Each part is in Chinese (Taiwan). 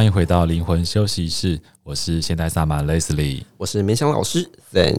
歡迎回到靈魂休息室，我是現代薩滿 Leslie，我是梅香老師。Sen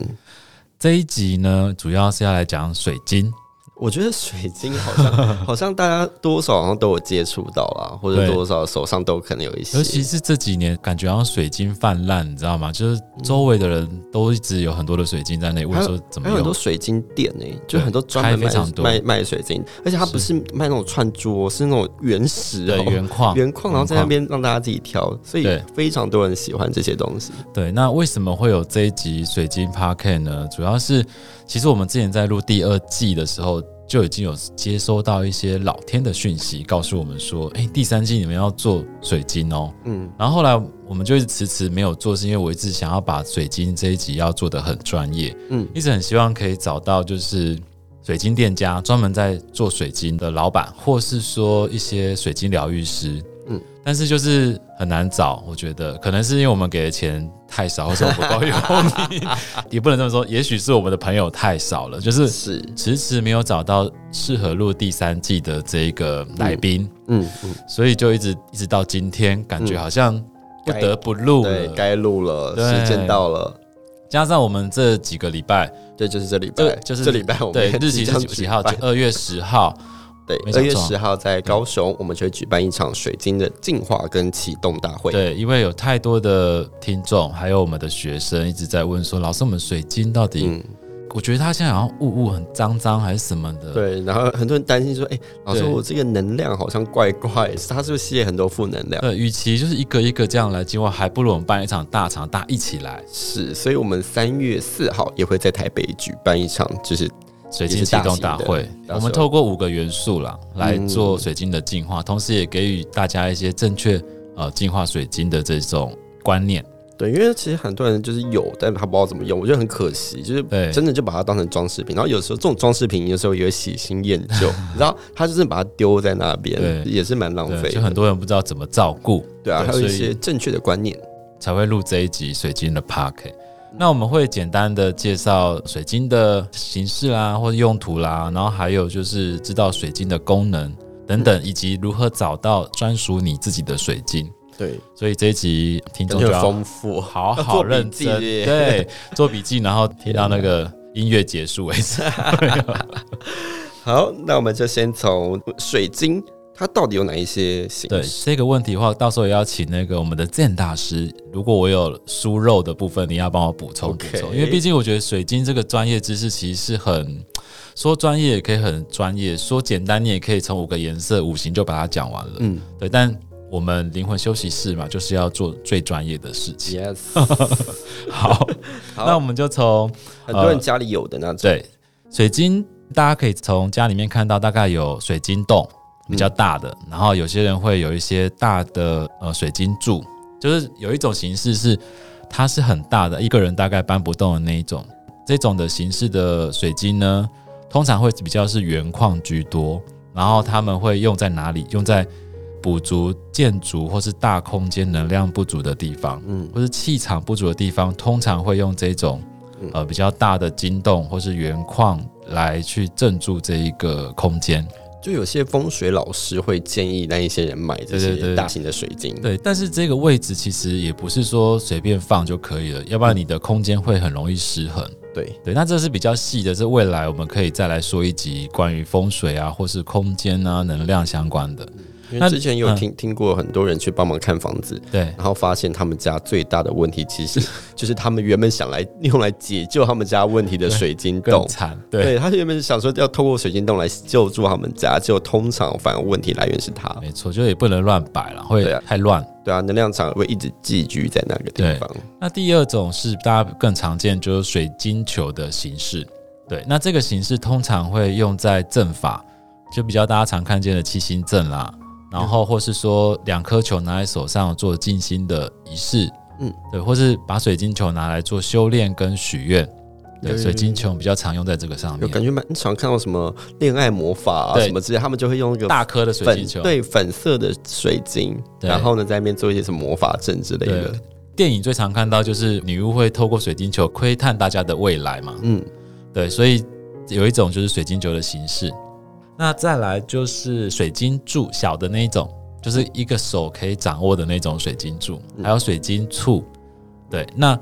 這一集呢，主要是要來講水晶。我覺得水晶好像好像大家多少好像都有接觸到啦， 或者多少手上都可能有一些。尤其是這幾年，感覺好像水晶泛濫，你知道嗎？就是周圍的人都一直有很多的水晶在那，什麼還？怎麼還有很多水晶店呢、欸？就很多專門賣賣,賣水晶，而且它不是賣那種串珠，是,是那種原石、原礦、原礦，然後在那邊讓大家自己挑，所以非常多人喜歡這些東西。對,對，那為什麼會有這一集水晶 podcast 呢？主要是其實我們之前在錄第二季的時候。就已經有接收到一些老天的訊息，告訴我們說，誒，第三季你們要做水晶哦。嗯，然後後來我們就一直遲遲沒有做，是因為我一直想要把水晶這一集要做得很專業，嗯，一直很希望可以找到就是水晶店家，專門在做水晶的老板，或是說一些水晶療癒師。但是就是很難找，我覺得可能是因為我們給的錢太少，或者不夠用，也不能這麼說，也許是我們的朋友太少了，就是遲遲沒有找到適合錄第三季的這一個來賓，嗯，所以就一直一直到今天，感覺好像不得不錄，對，該錄了，時間到了，加上我們這幾個禮拜，對，就是這禮拜，就是這禮拜，我們對，日期是幾號？二月十號。對，二月十號在高雄，我們就會舉辦一場水晶的淨化跟啟動大會。對，因為有太多的聽眾，還有我們的學生一直在問說：“老師，我們水晶到底……”嗯，我覺得他現在好像霧霧很髒髒，還是什麼的。對，然後很多人擔心說：“哎、欸，老師，我這個能量好像怪怪，對它是不是吸了很多負能量？”對，與其就是一個一個這樣來淨化，還不如我們辦一場大場，大家一起來。是，所以我們三月四號也會在台北舉辦一場，就是。水晶啟動大會，我們透過五個元素啦來做水晶的淨化，同時也給予大家一些正確呃淨化水晶的這種觀念。對，因為其實很多人就是有，但他不知道怎麼用，我覺得很可惜，就是真的就把它當成裝飾品。然後有時候這種裝飾品有時候也會喜新厭舊，然後他就是把它丟在那邊，也是蠻浪費。就很多人不知道怎麼照顧。對啊，還有一些正確的觀念才會錄這一集水晶的 podcast 欸那我們會簡單的介紹水晶的形式啊，或者用途啦，然後還有就是知道水晶的功能等等，嗯、以及如何找到專屬你自己的水晶。對，所以這一集聽眾就要豐富，好好認真，對，做筆記，然後聽到那個音樂結束為止。 天啊、 好，那我們就先從水晶。它到底有哪一些形式？對這個問題的話，到時候也要請那個我們的鑑大師。如果我有疏漏的部分，你要幫我補充 Okay. 補充。因為畢竟我覺得水晶這個專業知識其實是很說專業也可以很專業，說簡單你也可以從五個顏色五行就把它講完了。嗯，對。但我們靈魂休息室嘛，就是要做最專業的事情。Yes。 好， 好，那我們就從好很多人家裡有的那種。對，水晶大家可以從家裡面看到，大概有水晶洞。嗯、比較大的，然後有些人會有一些大的呃水晶柱，就是有一種形式是它是很大的，一個人大概搬不動的那一種。這種的形式的水晶呢，通常會比較是原礦居多。然後他們會用在哪裡？用在補足建築或是大空間能量不足的地方，嗯、或是氣場不足的地方，通常會用這種呃比較大的晶洞或是原礦來去鎮住這一個空間。就有些風水老師會建議那一些人買這些大型的水晶。對對對，對。但是這個位置其實也不是說隨便放就可以了，要不然你的空間會很容易失衡。對對，那這是比較細的，這未來我們可以再來說一集關於風水啊，或是空間啊、能量相關的。因為之前有聽、嗯、聽過很多人去幫忙看房子，對，然後發現他們家最大的問題其實就是他們原本想來用來解救他們家問題的水晶洞，對，對，對，他原本是想說要透過水晶洞來救助他們家，結果通常反而問題來源是他，嗯、沒錯，就也不能亂擺了，會太亂、啊，對啊，能量場會一直寄居在那個地方。那第二種是大家更常見，就是水晶球的形式，對，那這個形式通常會用在陣法，就比較大家常看見的七星陣啦。然後，或是說兩顆球拿在手上做靜心的儀式，嗯，對，或是把水晶球拿來做修煉跟許願，對，對，水晶球比較常用在這個上面。有感覺蠻常看到什麼戀愛魔法啊什麼之類的，對他們就會用一個大顆的水晶球，粉，對，粉色的水晶，對然後呢，在那邊做一些什麼魔法陣之類的一個對。電影最常看到就是女巫會透過水晶球窺探大家的未來嘛，嗯，對，所以有一種就是水晶球的形式。那再來就是水晶柱，小的那種，就是一個手可以掌握的那種水晶柱，還有水晶簇，對，那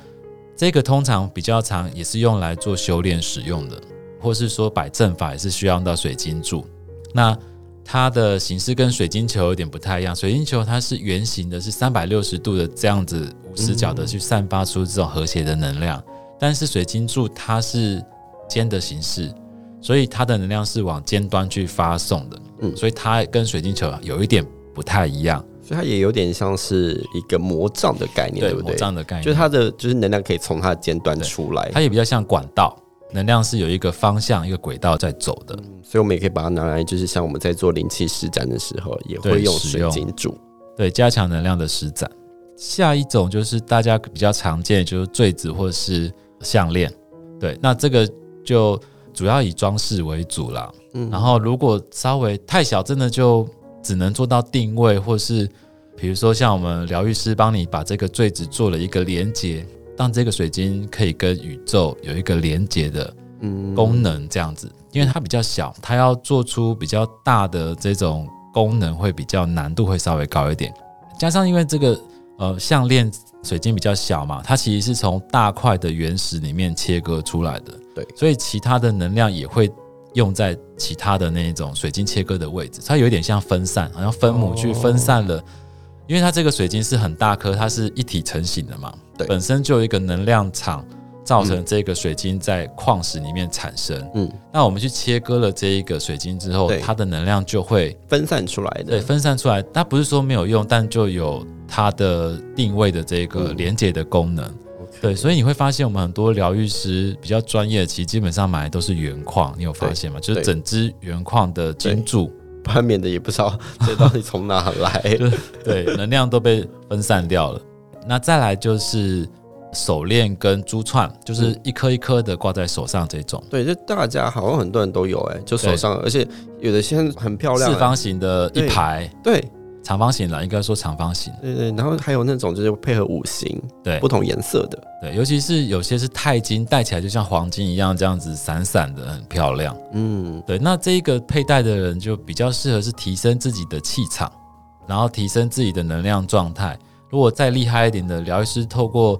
這個通常比較長，也是用來做修煉使用的，或是說擺陣法也是需要用到水晶柱。那它的形式跟水晶球有點不太一樣，水晶球它是圓形的，是三百六十度的這樣子，無死角的去散發出這種和諧的能量，但是水晶柱它是尖的形式。所以它的能量是往尖端去發送的，嗯，所以它跟水晶球有一點不太一樣，所以它也有點像是一個魔杖的概念，對，對不對？魔杖的概念，就是它的就是能量可以從它的尖端出來，它也比較像管道，能量是有一個方向、一個軌道在走的，嗯，所以我們也可以把它拿來，就是像我們在做靈氣施展的時候，也會用水晶柱，對，加強能量的施展。下一種就是大家比較常見的，就是墜子或是項鏈，對，那這個就。主要以裝飾為主啦，嗯，然後如果稍微太小，真的就只能做到定位，或是比如說像我們療癒師幫你把這個墜子做了一個連接，讓這個水晶可以跟宇宙有一個連接的功能，這樣子，因為它比較小，它要做出比較大的這種功能會比較難度會稍微高一點，加上因為這個，呃，項鏈。水晶比較小嘛，它其實是從大塊的原石裡面切割出來的，對，所以其他的能量也會用在其他的那一種水晶切割的位置，它有點像分散，好像分母去分散了，哦，因為它這個水晶是很大顆，它是一體成型的嘛，對，本身就有一個能量場。造成這個水晶在礦石裡面產生嗯，嗯，那我們去切割了這一個水晶之後，對它的能量就會分散出來的，對，分散出來，它不是說沒有用，但就有它的定位的這個連接的功能，嗯 okay、對，所以你會發現我們很多療癒師比較專業，其實基本上買來都是原礦，你有發現嗎？對就是整支原礦的珍珠，外面的也不知道這到底從哪來 對，對，能量都被分散掉了。 那再來就是。手鏈跟珠串，就是一顆一顆的掛在手上這種、嗯。對，就大家好像很多人都有哎、欸，就手上，對而且有的現在很漂亮、欸，四方形的一排，對，對長方形啦，應該說長方形。對，對對，然後還有那種就是配合五行，對，不同顏色的，對，尤其是有些是鈦金，戴起來就像黃金一樣，這樣子閃閃的，很漂亮。嗯，對，那這一個佩戴的人就比較適合是提升自己的氣場，然後提升自己的能量狀態。如果再厲害一點的療癒師，透過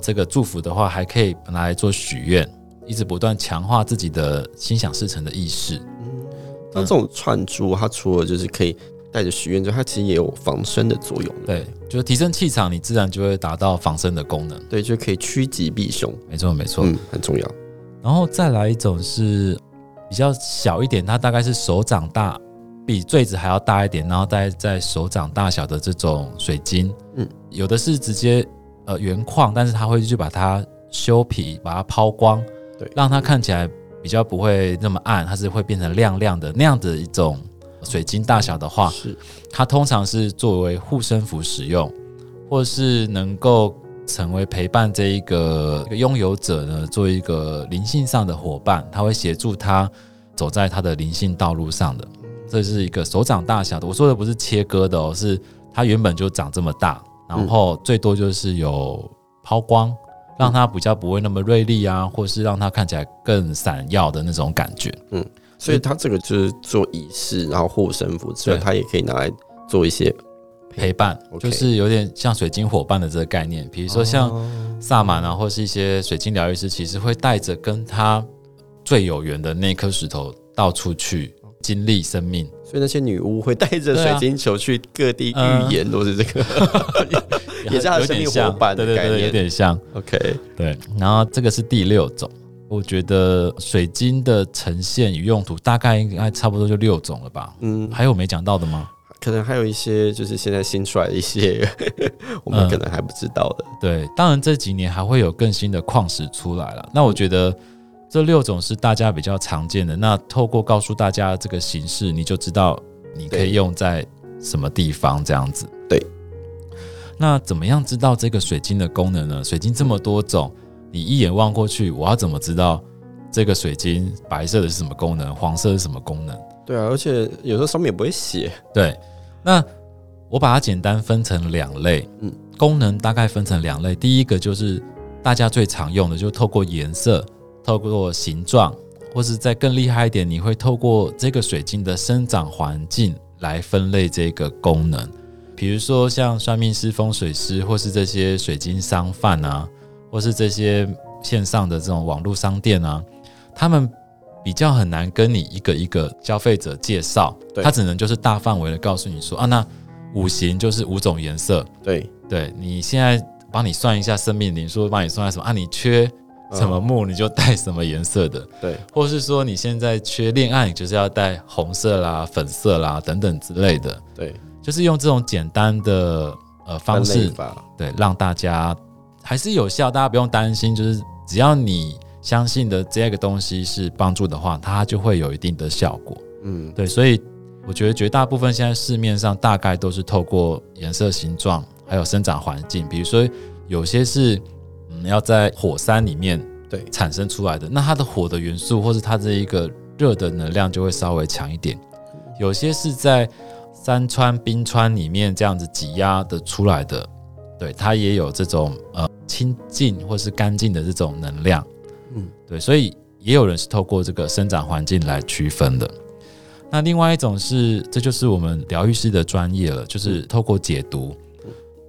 這個祝福的話，還可以拿來做許願，一直不斷強化自己的心想事成的意識。嗯。嗯，那這種串珠，它除了就是可以帶着許願之外，它其實也有防身的作用。對，就是提升氣場，你自然就會達到防身的功能。對，就可以趨吉避凶沒。沒錯，沒錯，嗯，很重要。然後再來一種是比較小一點，它大概是手掌大，比墜子還要大一點，然後戴在手掌大小的這種水晶。嗯，有的是直接。呃，原礦，但是他會去把它修皮，把它拋光，對，讓它看起來比較不會那麼暗，它是會變成亮亮的那樣子的一種水晶。大小的話，是它通常是作為護身符使用，或是能夠成為陪伴這一個一個擁有者呢，做一個靈性上的夥伴，他會協助他走在他的靈性道路上的。這是一個手掌大小的，我說的不是切割的哦，是它原本就長這麼大。然後最多就是有拋光，嗯、讓它比較不會那麼銳利啊，嗯、或是讓它看起來更閃耀的那種感覺。嗯，所以它這個就是做儀式，以然後護身符，對所以它也可以拿來做一些陪伴，嗯、就是有點像水晶夥伴的這個概念。嗯 okay、比如說像薩滿啊，或是一些水晶療癒師，哦、其實會帶着跟他最有緣的那顆石頭到處去、哦、經歷生命。所以那些女巫會帶着水晶球去各地預言，都是這個，啊呃、 也是他的生命夥伴的概念，有點像，對對對，有點像。OK，對。然後這個是第六種，我覺得水晶的呈現與用途大概應該差不多就六種了吧。嗯，還有沒講到的嗎？可能還有一些就是現在新出來的一些，我們可能還不知道的、呃。對，當然這幾年還會有更新的礦石出來了。那我覺得。這六種是大家比較常見的。那透過告訴大家這個形式，你就知道你可以用在什麼地方。對這樣子。對。那怎麼樣知道這個水晶的功能呢？水晶這麼多種，嗯、你一眼望過去，我要怎麼知道這個水晶白色的是什麼功能，黃色是什麼功能？對啊，而且有時候上面也不會寫。對。那我把它簡單分成兩類，嗯，功能大概分成兩類。第一個就是大家最常用的，就是透過顏色。透過形狀，或是再更厲害一點，你會透過這個水晶的生長環境來分類這個功能。比如說像算命師、風水師，或是這些水晶商販啊，或是這些線上的這種網絡商店啊，他們比較很難跟你一個一個消費者介紹，對他只能就是大範圍的告訴你說啊，那五行就是五種顏色，對對，你現在幫你算一下生命靈數，幫你，你算一下什麼啊，你缺。什麼木你就帶什麼顏色的，嗯、對，或是說你現在缺戀愛，你就是要帶紅色啦、粉色啦等等之類的，對，就是用這種簡單的呃方式，對，讓大家還是有效，大家不用擔心，就是只要你相信的這個東西是幫助的話，它就會有一定的效果，嗯，對，所以我覺得絕大部分現在市面上大概都是透過顏色、形狀還有生長環境，比如說有些是。你要在火山裡面對產生出來的，那它的火的元素，或是它這一個熱的能量就會稍微強一點。有些是在山川、冰川裡面這樣子擠壓的出來的，對，它也有這種呃清淨或是乾淨的這種能量。嗯，對，所以也有人是透過這個生長環境來區分的。那另外一種是，這就是我們療癒師的專業了，就是透過解讀，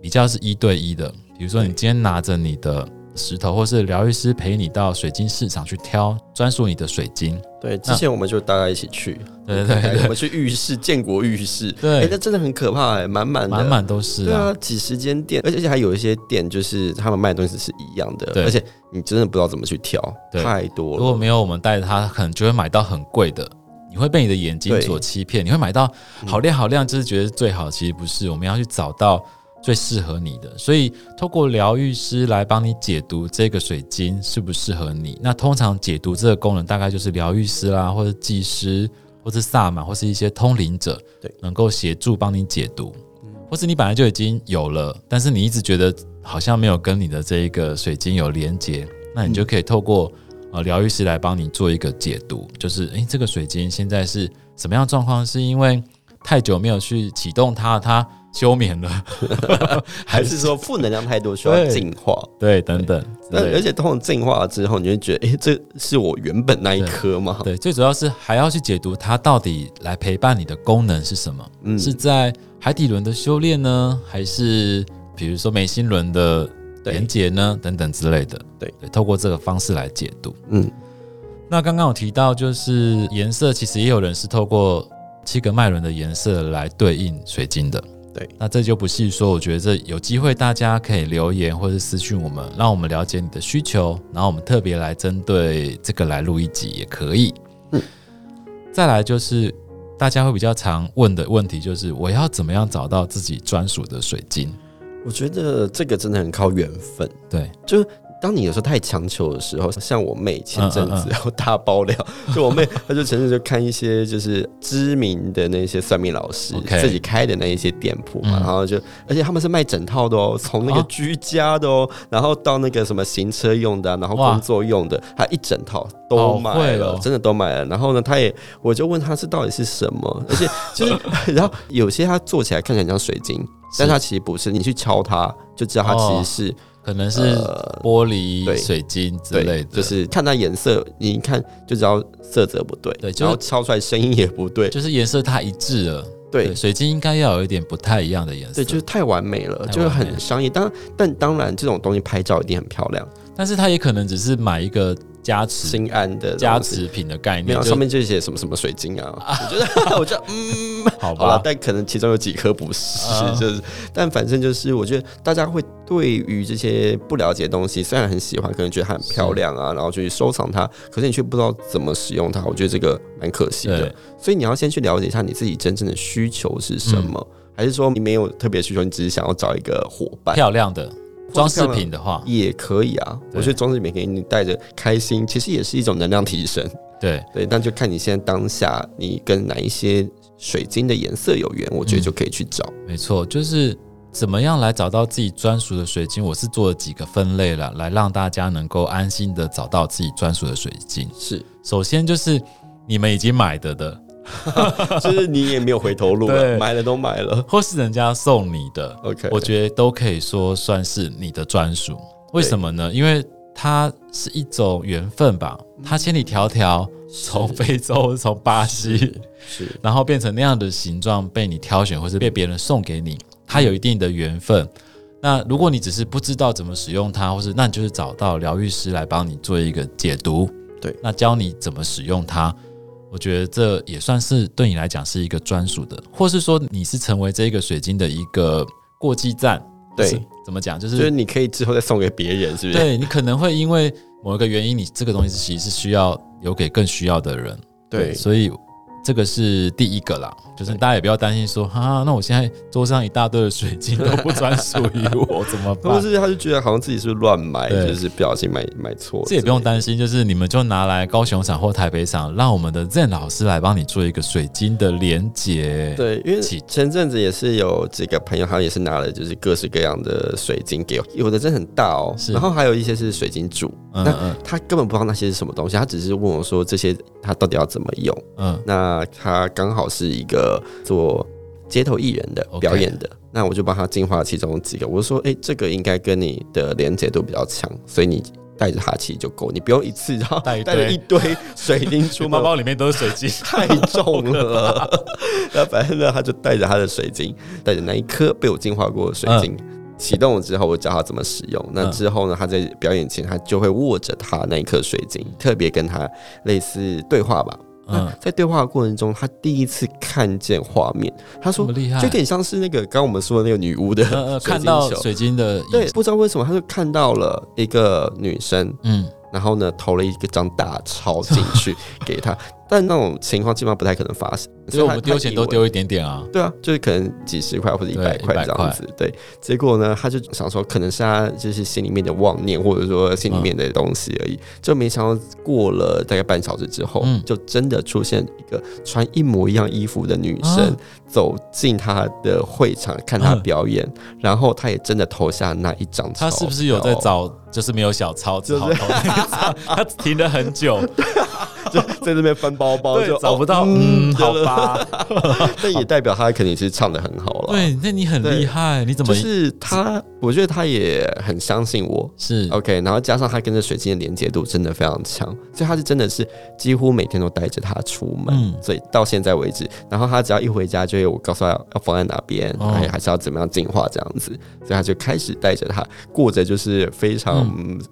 比較是一對一的。比如說，你今天拿着你的。石頭，或是療癒師陪你到水晶市場去挑專屬你的水晶。對，之前我們就大家一起去，對對對，對，我們去玉市，建國玉市，對、欸，那真的很可怕、欸，滿滿的，滿滿都是、啊，對啊，幾十間店，而且還有一些店就是他們賣的東西是一樣的，對而且你真的不知道怎麼去挑，對太多了。如果沒有我們帶着他，可能就會買到很貴的，你會被你的眼睛所欺騙，對你會買到好亮好亮，就是覺得最好，其實不是。我們要去找到。最適合你的，所以透過療癒師來幫你解讀這個水晶適不適合你。那通常解讀這個功能，大概就是療癒師啦，或者祭師，或者薩滿，或是一些通靈者，對，能夠協助幫你解讀。或是你本來就已經有了，但是你一直覺得好像沒有跟你的這一個水晶有連接，那你就可以透過呃療癒師來幫你做一個解讀，就是誒，這個水晶現在是什麼樣狀況？是因為太久沒有去啟動它，它休眠了， 還是說負能量太多需要淨化？對，等等。那而且通過淨化之後，你會覺得，誒，這是我原本那一顆嗎？對，對，最主要是還要去解讀它到底來陪伴你的功能是什麼？嗯，是在海底輪的修煉呢，還是比如說眉心輪的連接呢？等等之類的。對，透過這個方式來解讀。嗯，那剛剛有提到，就是顏色，其實也有人是透過七個脈輪的顏色來對應水晶的。對那這就不是說，我覺得這有機會，大家可以留言或者私訊我們，讓我們了解你的需求，然後我們特別來針對這個來錄一集也可以。嗯，再來就是大家會比較常問的問題，就是我要怎麼樣找到自己專屬的水晶？我覺得這個真的很靠緣分，對，就。當你有時候太強求的時候，像我妹前陣子，嗯嗯嗯然後大爆料，就我妹，她就前陣就看一些就是知名的那些算命老師 自己開的那一些店鋪嘛，Okay 嗯、然後就，而且他們是賣整套的哦，從那個居家的哦，啊、然後到那個什麼行車用的、啊，然後工作用的，哇還一整套都買了，哦、會了真的都買了。然後呢，她也，我就問她是到底是什麼，而且就是， 然後有些她做起來看起來很像水晶，是但她其實不是，你去敲它就知道它其實是。哦可能是玻璃，呃、對水晶之類的，就是看它顏色，你一看就知道色澤不對，對，就是，然後敲出來聲音也不對，就是顏色太一致了，對，對水晶應該要有一點不太一樣的顏色，對，就是太完美了，就是很商業。當，但當然，這種東西拍照一定很漂亮，但是它也可能只是買一個。加持心安的加持品的概念。沒有上面就寫什麼什麼水晶啊，我覺得我覺得嗯，好吧，但可能其中有幾顆不是，就是，但反正就是，我覺得大家會對於這些不了解的東西，雖然很喜歡，可能覺得它很漂亮啊，然後就去收藏它，可是你卻不知道怎麼使用它，我覺得這個蠻可惜的。所以你要先去了解一下你自己真正的需求是什麼，還是說你沒有特別需求，你只是想要找一個夥伴，漂亮的。裝飾品的話也可以啊，我覺得裝飾品可以你帶着開心，其實也是一種能量提升。對對，但就看你現在當下，你跟哪一些水晶的顏色有緣，我覺得就可以去找。嗯，沒錯，就是怎麼樣來找到自己專屬的水晶，我是做了幾個分類了，來讓大家能夠安心的找到自己專屬的水晶。是，首先就是你們已經買的的。 就是你也沒有回頭路，對買了都買了，或是人家送你的，OK，我覺得都可以說算是你的專屬。對為什麼呢？因為它是一種緣分吧。對它千里迢迢從非洲從巴西，是，是，是然後變成那樣的形狀被你挑選，或是被別人送給你，它有一定的緣分。那如果你只是不知道怎麼使用它，或是那你就是找到療癒師來幫你做一個解讀，對，那教你怎麼使用它。我覺得這也算是對你來講是一個專屬的，或是說你是成為這個水晶的一個過繼站，對？怎麼講？就是、就是你可以之後再送給別人，是不是？對，你可能會因為某一個原因，你這個東西其實是需要留給更需要的人，對、對？所以。這個是第一個啦，就是大家也不要擔心說，哈、啊，那我現在桌上一大堆的水晶都不專屬於我，怎麼辦？不是，他就覺得好像自己是亂買，對就是不小心買買錯。這也不用擔心，就是你們就拿來高雄場或台北場，讓我們的 Zen 老師來幫你做一個水晶的連接。對，因為前陣子也是有幾個朋友，他也是拿了就是各式各樣的水晶給我。有的真的很大哦、喔，是然後還有一些是水晶柱，嗯嗯那他根本不知道那些是什麼東西，他只是問我說這些他到底要怎麼用？嗯，那。他剛好是一個做街頭藝人的 Okay. 表演的，那我就幫他淨化其中幾個。我就說：“哎、欸，這個應該跟你的連結度比較強，所以你帶着它其實就夠，你不用一次然後帶帶着一堆水晶出門，包包裡面都是水晶， 太重了。” 那反正呢，他就帶着他的水晶，帶着那一顆被我淨化過的水晶啟、嗯、動了之後，我教他怎麼使用。嗯、那之後呢，他在表演前他就會握着他那一顆水晶，特別跟他類似對話吧。嗯，在對話的過程中，他第一次看見畫面。他說：“就有點像是那個剛剛我們說的那個女巫的水晶球、嗯，看到水晶的，對，不知道為什麼他就看到了一個女生。嗯，然後呢，投了一個張大鈔進去給他。” 但那種情況基本上不太可能發生，所以我們丟錢都丟一點點啊。對啊，就是可能幾十塊或者一百塊這樣子。對，對，結果呢，他就想說可能是他就是心裡面的妄念，或者說心裡面的東西而已，嗯、就沒想到過了大概半小時之後，嗯、就真的出現一個穿一模一樣衣服的女生、啊、走進他的會場看他表演，啊、然後他也真的投下那一張鈔。他是不是有在找？就是沒有小鈔，只好就是投 他停了很久。 在這邊翻包包就找不到，嗯，好吧，這也代表他肯定是唱得很好了。對，那你很厲害，你怎麼？就是他，我覺得他也很相信我，是 OK。然後加上他跟着水晶的連結度真的非常強，所以他是真的是幾乎每天都帶着他出門。所以到現在為止，然後他只要一回家，就我告訴他要放在哪邊，還是要怎麼樣淨化這樣子，所以他就開始帶着他過着就是非常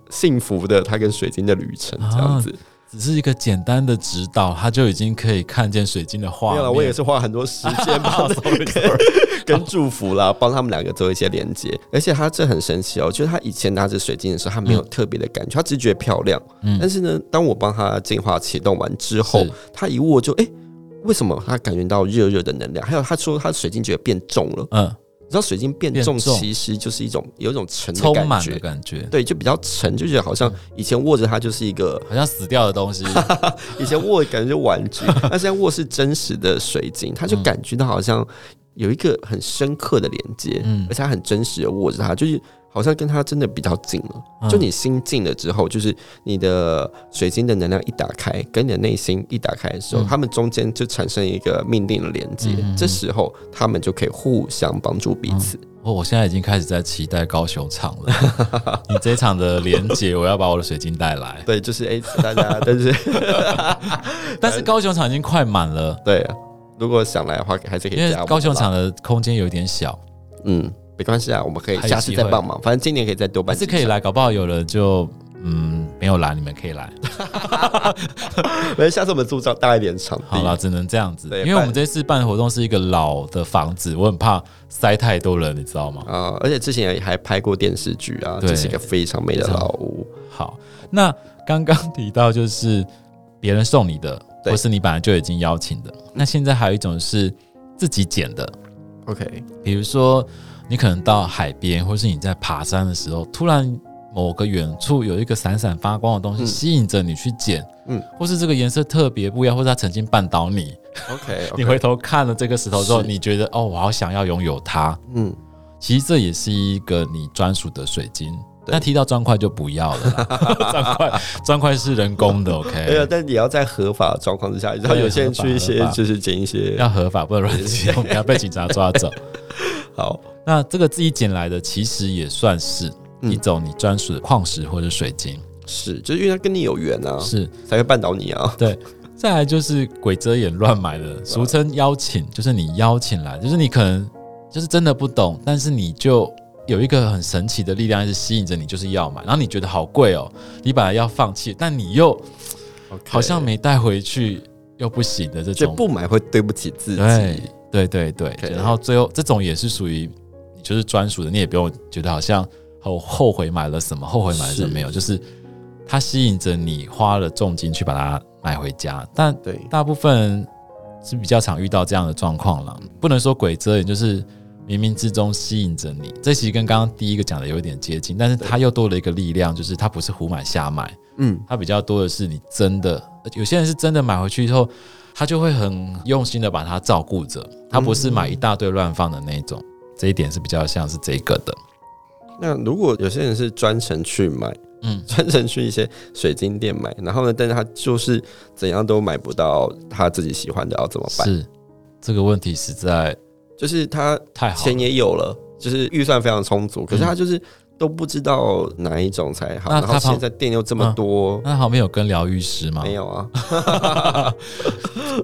幸福的他跟水晶的旅程這樣子。只是一個簡單的指導，他就已經可以看見水晶的畫面了。我也是花很多時間把送人跟祝福啦，幫好他們兩個做一些連接。而且他這很神奇哦，就是他以前拿着水晶的時候，他沒有特別的感覺，嗯、他只是覺得漂亮。但是呢，當我幫他淨化啟動完之後，嗯、他一握我就誒、欸、為什麼他感覺到熱熱的能量？還有他說他的水晶覺得變重了。嗯。你知道水晶變重，其實就是一種重有一種沉的感覺，充滿的感覺，對，就比較沉，就覺得好像以前握着它就是一個好像死掉的東西， 以前握的感覺就玩具， 但現在握是真實的水晶，它就感覺到好像有一個很深刻的連接，嗯，而且它很真實的握着它，就是。好像跟他真的比較近了。就你心近了之後，就是你的水晶的能量一打開，跟你的內心一打開的時候，他們中間就產生一個命定的連接。這時候，他們就可以互相幫助彼此、嗯嗯嗯嗯。哦，我現在已經開始在期待高雄場了。 你這一場的連接，我要把我的水晶帶來。對，就是誒大家，但是 但是高雄場已經快滿了。對，如果想來的話，還是可以。因為高雄場的空間有點小。嗯。沒關係啊，我們可以下次再幫忙。反正，今年可以再多辦，還是可以來，搞不好有人就嗯，沒有來，你們可以來。哈哈哈哈哈。下次我們租張大一點的場地好了，只能這樣子，因為我們這次辦活動是一個老的房子，我很怕塞太多人，你知道嗎？啊，而且之前也還拍過電視劇啊，這是一個非常美的老屋。好，那剛剛提到就是別人送你的，或是你本來就已經邀請的，那現在還有一種是自己撿的。OK，比如說。你可能到海邊，或是你在爬山的時候，突然某個遠處有一個閃閃發光的東西吸引着你去撿，嗯，或是這個顏色特別不一樣，或是它曾經絆倒你，OK，你回頭看了這個石頭之後，你覺得哦，我好想要擁有它，嗯，其實這也是一個你專屬的水晶。那提到磚塊就不要了，磚塊，磚塊是人工的，OK，沒有，但你要在合法狀況之下，你要有限去一些，就是撿一些要合法，不能亂撿，不要被警察抓走。好。那這個自己撿來的其實也算是一種你專屬的礦石或者水晶。嗯，是，就是因為它跟你有緣啊，是才會絆倒你啊。對，再來就是鬼遮眼亂買的， 俗稱邀請，就是你邀請來，就是你可能就是真的不懂，但是你就有一個很神奇的力量一直吸引着你，就是要買，然後你覺得好貴哦，喔，你本來要放棄，但你又好像沒帶回去又不行的這種，就不買會對不起自己，對，對對對，okay, 然後最後這種也是屬於，就是專屬的，你也不用覺得好像後後悔買了什麼，後悔買了什麼沒有，是就是它吸引着你花了重金去把它買回家。但對大部分人是比較常遇到這樣的狀況了，對不能說鬼遮眼，也就是冥冥之中吸引着你。這其實跟剛剛第一個講的有一點接近，但是它又多了一個力量，就是它不是胡買瞎買，嗯對，它比較多的是你真的，有些人是真的買回去以後，他就會很用心的把它照顧着，他不是買一大堆亂放的那種。嗯嗯這一點是比較像是這個的。那如果有些人是專程去買，嗯，專程去一些水晶店買，然後呢，但是他就是怎樣都買不到他自己喜歡的，要怎麼辦？是這個問題實在，就是他太好，錢也有了，了就是預算非常充足，可是他就是都不知道哪一種才好。嗯、然後現在店又這麼多，那他旁、啊、他旁邊有跟療癒師嗎？沒有啊。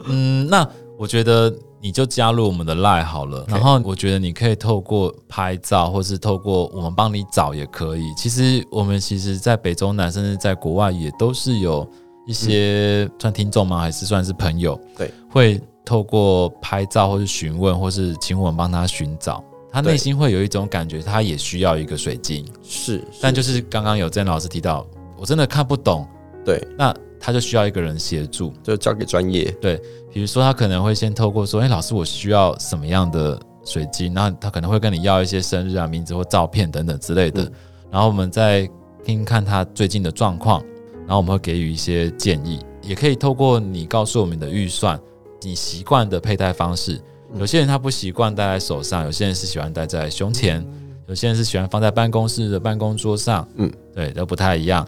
嗯，那我覺得。你就加入我們的 Line 好了，Okay. 然後我覺得你可以透過拍照，或是透過我們幫你找也可以。其實我們其實在北中南，甚至在國外也都是有一些算聽眾嗎？嗯、還是算是朋友？對，會透過拍照，或是詢問，或是請我們幫他尋找。他內心會有一種感覺，他也需要一個水晶。是對，但就是剛剛有鄭老師提到，我真的看不懂。對，那。他就需要一個人協助，就交給專業。對，比如說他可能會先透過說，哎、欸，老師，我需要什麼樣的水晶？然後他可能會跟你要一些生日啊、名字或照片等等之類的。嗯、然後我們再聽聽看他最近的狀況，然後我們會給予一些建議。也可以透過你告訴我們的預算，你習慣的佩戴方式。有些人他不習慣戴在手上，有些人是喜歡戴在胸前，有些人是喜歡放在辦公室的辦公桌上。嗯，對，都不太一樣，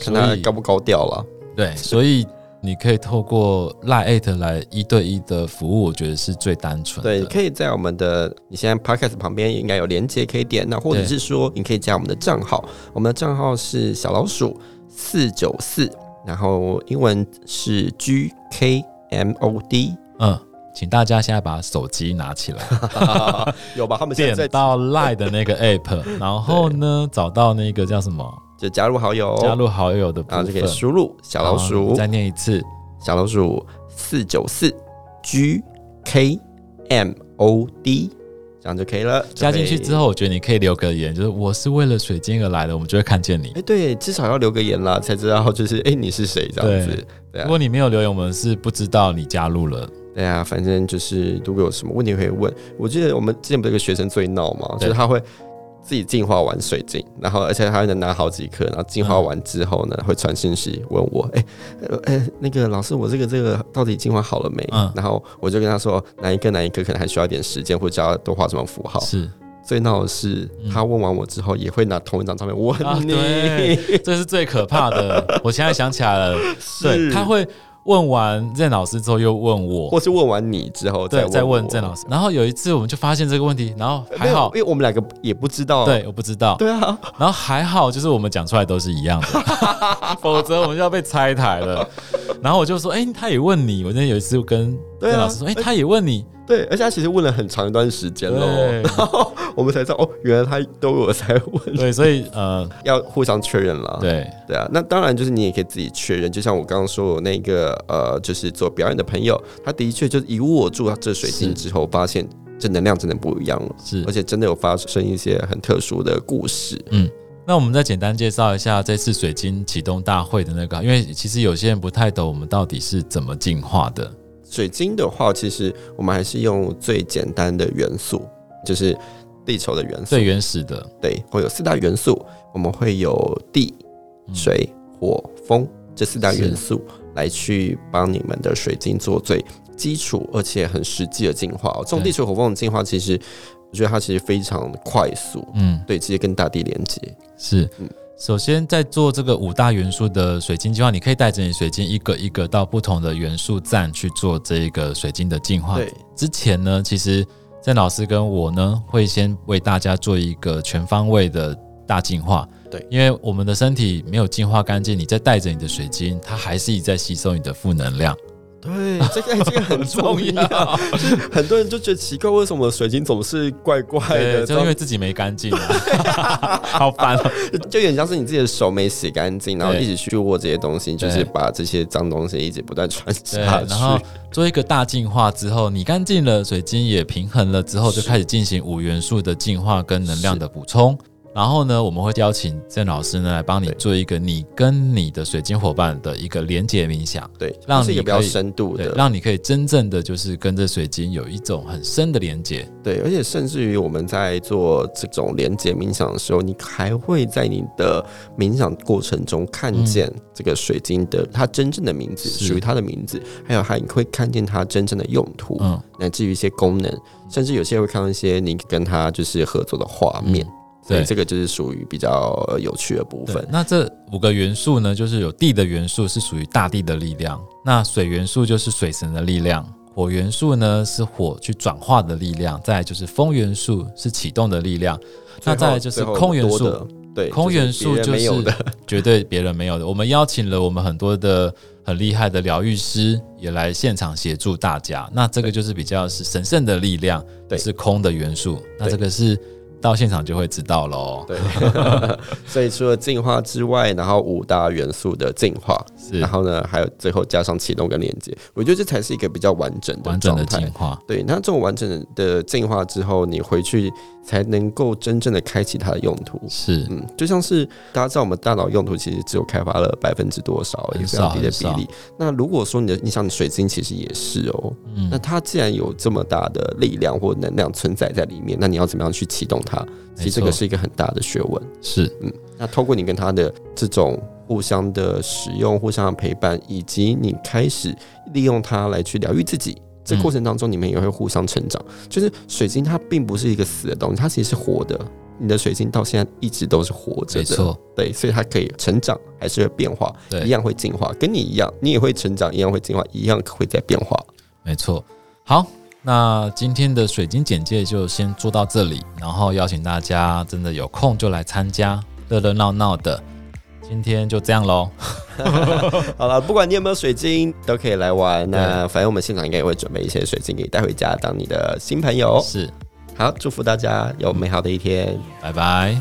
看他高不高調了。所以對，所以你可以透過 Line App 來一對一的服務，我覺得是最單純的。對，可以在我們的你現在 Podcast 旁邊應該有連接可以點，那或者是說你可以加我們的賬號，對我們的賬號是小老鼠四九四，然後英文是 G K M O D。嗯，請大家現在把手機拿起來。啊，有吧？他們現在，在點到 Line 的那個 App， 然後呢，對找到那個叫什麼？就加入好友，加入好友的，然後就可以輸入小老鼠，再念一次小老鼠四九四 G K M O D，這樣就可以了。加進去之後，我覺得你可以留個言，就是我是為了水晶而來的，我們就會看見你。哎，對，至少要留個言啦，才知道就是哎你是誰這樣子。對，對啊，如果你沒有留言，我們是不知道你加入了。對啊，反正就是如果有什麼問題可以問。我記得我們之前不是有個學生最鬧嘛，對就是他會。自己淨化完水晶，然後而且他還能拿好幾顆，然後淨化完之後呢，嗯、會傳信息問我，哎、欸欸，那個老師，我這個這個到底淨化好了沒？嗯、然後我就跟他說，哪一個哪一個可能還需要一點時間，或者要多畫什麼符號。是，最鬧的是他問完我之後，也會拿同一張照片問你、啊對對對，這是最可怕的。 我現在想起來了，是對他會。問完任老師之後，又問我，或是問完你之後再問我對再問任老師。對然後有一次，我們就發現這個問題，然後還好，欸、因為我們兩個也不知道、啊，對，我不知道，對啊。然後還好，就是我們講出來都是一樣的， 否則我們就要被拆台了。 然後我就說，哎、欸，他也問你。我記得有一次，跟任老師說，哎、啊欸，他也問你，對，而且他其實問了很長一段時間嘍。對然後我們才知道哦，原來他都有在問的。對，所以呃，要互相確認了。對，對啊。那當然就是你也可以自己確認，就像我剛剛說我那個呃，就是做表演的朋友，他的確就是一握住這水晶之後，發現正能量真的不一樣了。是，而且真的有發生一些很特殊的故事。嗯，那我們再簡單介紹一下這次水晶啟動大會的那個，因為其實有些人不太懂我們到底是怎麼淨化的。水晶的話，其實我們還是用最簡單的元素，就是。地球的元素最原始的，對，會有四大元素，我們會有地、水、火、風、嗯、這四大元素是來去幫你們的水晶做最基礎而且很實際的淨化。對這種地球火風的淨化，其實我覺得它其實非常快速。嗯，對，直接跟大地連接。是，嗯、首先在做這個五大元素的水晶淨化，你可以帶着你水晶一個一個到不同的元素站去做這一個水晶的淨化。對，之前呢，其實。但老師跟我呢會先為大家做一個全方位的大淨化。對，因為我們的身體沒有淨化乾淨，你再帶着你的水晶，它還是一直在吸收你的負能量。對，這個這個很重要，就是 很，要很多人就覺得奇怪，為什麼水晶總是怪怪的，就因為自己沒乾淨，啊、 好煩、喔，就有點像是你自己的手沒洗乾淨，然後一直去握這些東西，對就是把這些髒東西一直不斷傳下去，然後做一個大淨化之後，你乾淨了，水晶也平衡了之後，就開始進行五元素的淨化跟能量的補充。然後呢，我們會邀請鄭老師呢來幫你做一個你跟你的水晶夥伴的一個連接冥想，對，讓你是一個比較深度的，讓你可以真正的就是跟這水晶有一種很深的連接，對，而且甚至於我們在做這種連接冥想的時候，你還會在你的冥想過程中看見這個水晶的、嗯、它真正的名字，是屬於它的名字，還有還會看見它真正的用途，嗯，乃至於一些功能，甚至有些人會看到一些你跟它就是合作的畫面。嗯對，對，這個就是屬於比較有趣的部分。那這五個元素呢，就是有地的元素是屬於大地的力量，那水元素就是水神的力量，火元素呢是火去轉化的力量，再來就是風元素是啟動的力量，後那再來就是空元素。對，空元素就是絕對別人沒有的。 我們邀請了我們很多的很厲害的療癒師也來現場協助大家。那這個就是比較是神聖的力量，對是空的元素。那這個是。到現場就會知道嘍。對， 所以除了淨化之外，然後五大元素的淨化，是然後呢，還有最後加上啟動跟連結，我覺得這才是一個比較完整的完整的淨化。對，那這種完整的淨化之後，你回去才能夠真正的開啟它的用途。是，嗯，就像是大家知道，我們大腦用途其實只有開發了百分之多少，少也是比較低的比例。少那如果說你的，你像你水晶其實也是哦、喔，嗯、那它既然有這麼大的力量或能量存在在裡面，那你要怎麼樣去啟動它？其實這個是一個很大的學問，是嗯。那通過你跟他的這種互相的使用、互相的陪伴，以及你開始利用它來去療癒自己，這過程當中你們也會互相成長。嗯、就是水晶它並不是一個死的東西，它其實是活的。你的水晶到現在一直都是活着的，沒錯。對，所以它可以成長，還是會變化，對，一樣會進化，跟你一樣，你也會成長，一樣會進化，一樣會在變化。沒錯。好。那今天的水晶簡介就先做到這裡，然後邀請大家真的有空就來參加，熱熱鬧鬧的。今天就這樣嘍， 好了，不管你有沒有水晶都可以來玩。對那反正我們現場應該也會準備一些水晶給你帶回家當你的新朋友。是，好，祝福大家有美好的一天，嗯、拜拜。